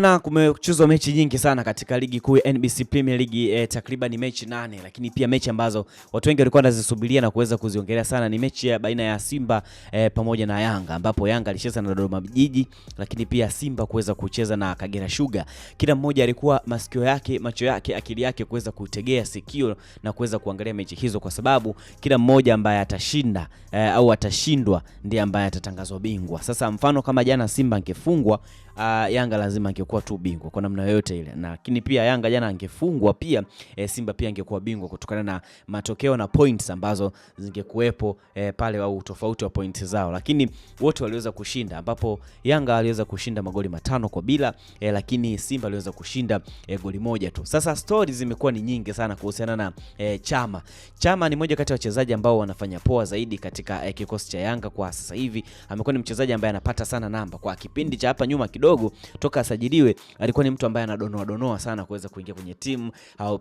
Na kumechezwa mechi nyingi sana katika ligi kuu ya NBC Premier League eh, takriban mechi nane, lakini pia mechi ambazo watu wengi walikuwa wanazisubiria na kuweza kuziongelea sana ni mechi ya baina ya Simba eh, pamoja na Yanga ambapo Yanga alicheza na Dodoma Jiji, lakini pia Simba kuweza kucheza na Kagera Sugar. Kila mmoja alikuwa masikio yake, macho yake, akili yake kuweza kutegea sikio na kuweza kuangalia mechi hizo kwa sababu kila mmoja ambaye atashinda eh, au atashindwa ndiye ambaye atatangazwa bingwa. Sasa mfano kama jana Simba angefungwa, uh, Yanga lazima ange angekuwa tu bingwa kwa namna yoyote ile, lakini pia Yanga jana angefungwa pia e, Simba pia angekuwa bingwa kutokana na matokeo na points ambazo zingekuwepo e, pale au tofauti wa points zao, lakini wote waliweza kushinda, ambapo Yanga aliweza kushinda magoli matano kwa bila e, lakini Simba aliweza kushinda e, goli moja tu. Sasa stories zimekuwa ni nyingi sana kuhusiana na e, Chama. Chama ni moja kati ya wachezaji ambao wanafanya poa zaidi katika e, kikosi cha Yanga kwa sasa hivi. Amekuwa ni mchezaji ambaye anapata sana namba kwa kipindi cha hapa nyuma kidogo toka sajili asifiwe, alikuwa ni mtu ambaye anadonoa donoa sana kuweza kuingia kwenye timu,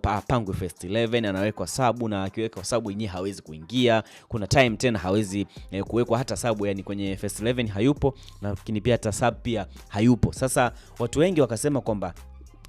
apangwe first 11, anawekwa sabu, na akiwekwa sabu yenyewe hawezi kuingia. Kuna time tena hawezi eh, kuwekwa hata sabu, yani kwenye first 11 hayupo, lakini pia hata sabu pia hayupo. Sasa watu wengi wakasema kwamba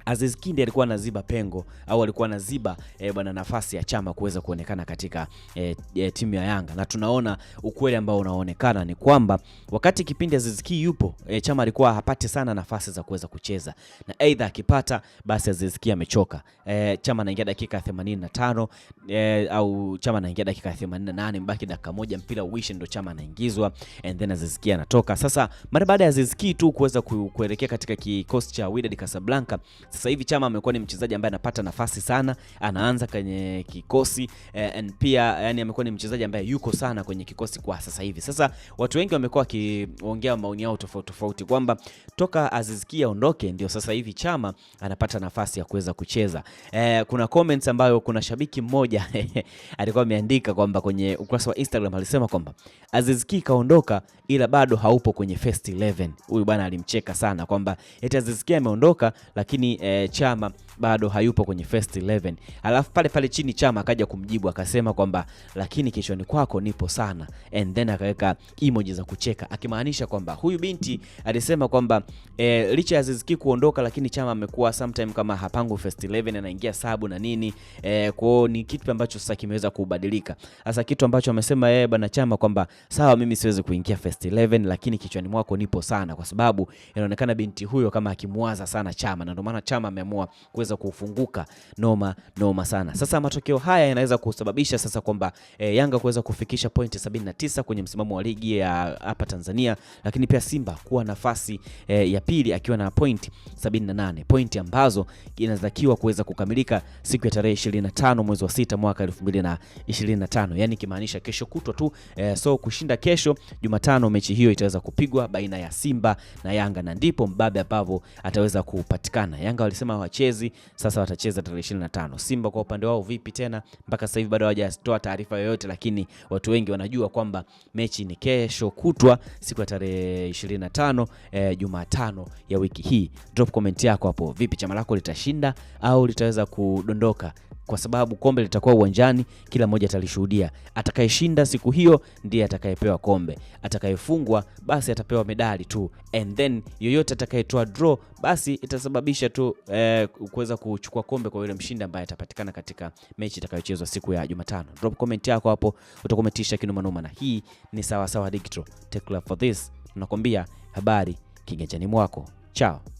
Aziz Kindi alikuwa anaziba pengo au alikuwa anaziba e, bwana nafasi ya Chama kuweza kuonekana katika e, e, timu ya Yanga, na tunaona ukweli ambao unaonekana ni kwamba wakati kipindi Aziz Ki yupo e, Chama alikuwa hapati sana nafasi za kuweza kucheza, na aidha akipata basi Aziz Ki amechoka. E, Chama anaingia dakika 85 e, au Chama anaingia dakika 88, mbaki dakika moja mpira uishe, ndo Chama anaingizwa and then Aziz Ki anatoka. Sasa mara baada ya Aziz Ki tu kuweza kuelekea katika kikosi cha Wydad Casablanca sasa hivi Chama amekuwa ni mchezaji ambaye anapata nafasi sana, anaanza kwenye kikosi eh, and pia yani amekuwa ni mchezaji ambaye yuko sana kwenye kikosi kwa sasa hivi. Sasa watu wengi wamekuwa wakiongea maoni yao tofauti tofauti kwamba toka Aziz aondoke ndio sasa hivi Chama anapata nafasi ya kuweza kucheza. Eh, kuna comments ambayo kuna shabiki mmoja alikuwa ameandika kwamba kwenye ukurasa wa Instagram alisema kwamba Aziz kaondoka ila bado haupo kwenye first 11. Huyu bwana alimcheka sana kwamba eti Aziz ameondoka lakini e, Chama bado hayupo kwenye first 11. Alafu pale pale chini Chama akaja kumjibu akasema kwamba lakini kichwani kwako nipo sana, and then akaweka emoji za kucheka akimaanisha kwamba huyu binti alisema kwamba e, licha ya ziziki kuondoka, lakini Chama amekuwa sometime kama hapangu first 11, anaingia sabu na nini e, kwao ni kitu ambacho sasa kimeweza kubadilika. Sasa kitu ambacho amesema yeye bwana Chama kwamba sawa, mimi siwezi kuingia first 11, lakini kichwani mwako nipo sana, kwa sababu inaonekana binti huyo kama akimwaza sana Chama na ndio maana Chama ameamua kuweza kufunguka noma noma sana. Sasa matokeo haya yanaweza kusababisha sasa kwamba e, Yanga kuweza kufikisha pointi 79 kwenye msimamo wa ligi ya hapa Tanzania, lakini pia Simba kuwa nafasi e, ya pili akiwa na pointi 78, pointi ambazo inatakiwa kuweza kukamilika siku ya tarehe 25 mwezi wa sita mwaka 2025, yani kimaanisha kesho kutwa tu e, so kushinda kesho Jumatano mechi hiyo itaweza kupigwa baina ya Simba na Yanga na ndipo mbabe ambavyo ataweza kupatikana Yanga Yanga walisema hawachezi, sasa watacheza tarehe 25. Simba kwa upande wao vipi tena? Mpaka sasa hivi bado hawajatoa taarifa yoyote, lakini watu wengi wanajua kwamba mechi ni kesho kutwa siku ya tarehe 25, e, eh, Jumatano ya wiki hii. Drop comment yako hapo, vipi chama lako litashinda au litaweza kudondoka kwa sababu kombe litakuwa uwanjani, kila mmoja atalishuhudia. Atakayeshinda siku hiyo ndiye atakayepewa kombe, atakayefungwa basi atapewa medali tu, and then yoyote atakayetoa draw basi itasababisha tu eh, kuweza kuchukua kombe kwa yule mshindi ambaye atapatikana katika mechi itakayochezwa siku ya Jumatano. Drop comment yako hapo, utakometisha kinumanuma, na hii ni sawasawa digital. Take love for this, nakwambia habari kiganjani mwako. Chao.